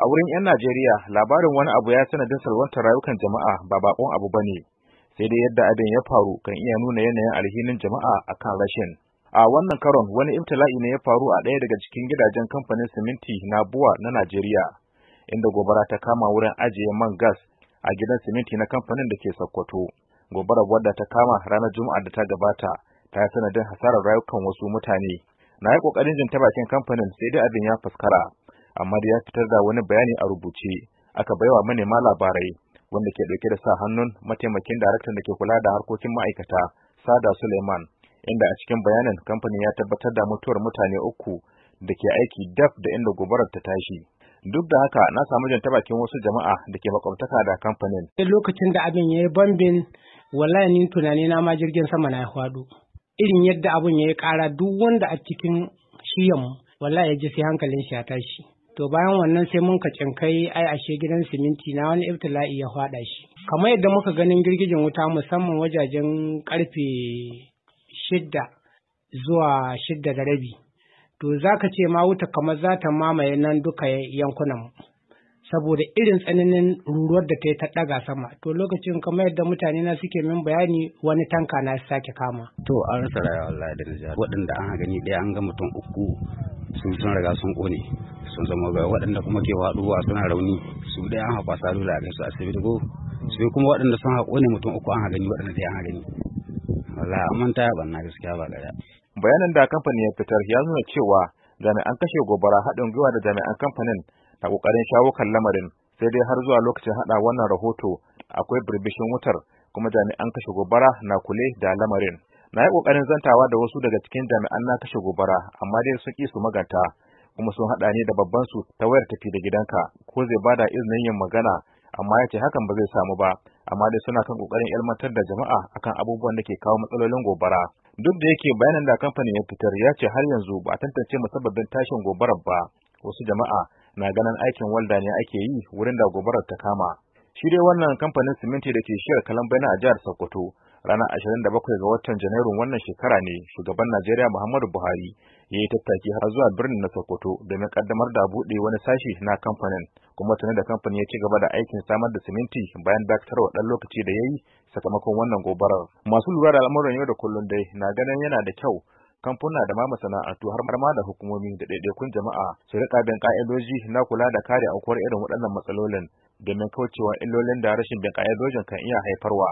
a wurin 'yan Najeriya labarin wani abu ya sanadin salwantar rayukan jama'a ba bakon abu ba ne sai dai yadda abin ya faru kan iya nuna yanayin alhinin jama'a a kan rashin a wannan karon wani imtila'i ne ya faru a ɗaya daga cikin gidajen kamfanin siminti na buwa na Najeriya inda gobara ta kama wurin ajiye man gas a gidan siminti na kamfanin da ke Sokoto gobarar wadda ta kama ranar Juma'a da ta gabata ta sanadin hasarar rayukan wasu mutane na yi kokarin jinta bakin kamfanin sai dai abin ya fuskara. amma ya fitar da wani bayani a rubuce aka baiwa manema labarai wanda ke dauke da sa hannun mataimakin daraktan da ke kula da harkokin ma'aikata sada suleiman inda a cikin bayanin kamfanin ya tabbatar da mutuwar mutane uku da ke aiki daf da inda gobarar ta tashi duk da haka na samu jan bakin wasu jama'a da ke makwabtaka da kamfanin lokacin da abin ya yi bambin wallahi ni tunani na ma jirgin sama na ya faɗo irin yadda abin ya yi kara duk wanda a cikin shiyan wallahi ya ji sai hankalin shi ya tashi to bayan wannan sai mun ka kai ai ashe gidan siminti na wani ibtila'i ya hwada shi kamar yadda muka ganin girgijin wuta musamman wajajen karfe shidda zuwa shidda da rabi to za ka ce ma wuta kamar za ta mamaye nan duka yankunan saboda irin tsananin ruruwar da ta yi ta ɗaga sama to lokacin kamar yadda mutane na suke min bayani wani tanka na sake kama to an rasa rayuwa Allah da waɗanda an gani ɗaya an ga mutum uku sun sun riga sun kone sun zama ga waɗanda kuma ke waɗuwa suna rauni su ɗaya an haƙwa salula a su asibiti ko sai kuma waɗanda sun haƙo ne mutum uku an gani waɗanda dai an gani wallahi an manta ya banna gaskiya ba gaya bayanan da kamfanin ya fitar ya nuna cewa jami'an kashe gobara haɗin gwiwa da jami'an kamfanin na ƙoƙarin shawo lamarin sai dai har zuwa lokacin haɗa wannan rahoto akwai birbishin wutar kuma jami'an kashe gobara na kule da lamarin na yi ƙoƙarin zantawa da wasu daga cikin jami'an na kashe gobara amma dai sun ƙi su maganta kuma sun haɗa ne da babban su ta wayar tafi da gidanka ko zai bada izinin yin magana amma ya ce hakan ba zai samu ba amma dai suna kan ƙoƙarin ilmantar da jama'a akan abubuwan da ke kawo matsalolin gobara duk da yake bayanan da kamfanin ya fitar ya ce har yanzu ba a tantance musabbabin tashin gobarar ba wasu jama'a na ganin aikin walda ne ake yi wurin da gobarar ta kama shi dai wannan kamfanin siminti da ke shiyar kalambaina a jihar sokoto ranar bakwai ga watan janairun wannan shekara ne shugaban najeriya muhammadu buhari ya yi tattaki har zuwa birnin na sokoto domin kaddamar da buɗe wani sashi na kamfanin kuma tuni da kamfanin ya ci gaba da aikin samar da siminti bayan dakatarwa ɗan lokaci da ya yi sakamakon wannan gobarar masu lura da al'amuran yau da kullum dai na ganin yana da kyau kamfuna da ma masana'antu har ma da hukumomi da ɗaiɗaikun jama'a su riƙa bin ƙa'idoji na kula da kare aukuwar irin waɗannan matsalolin domin kaucewa illolin da rashin bin ƙa'idojin kan iya haifarwa.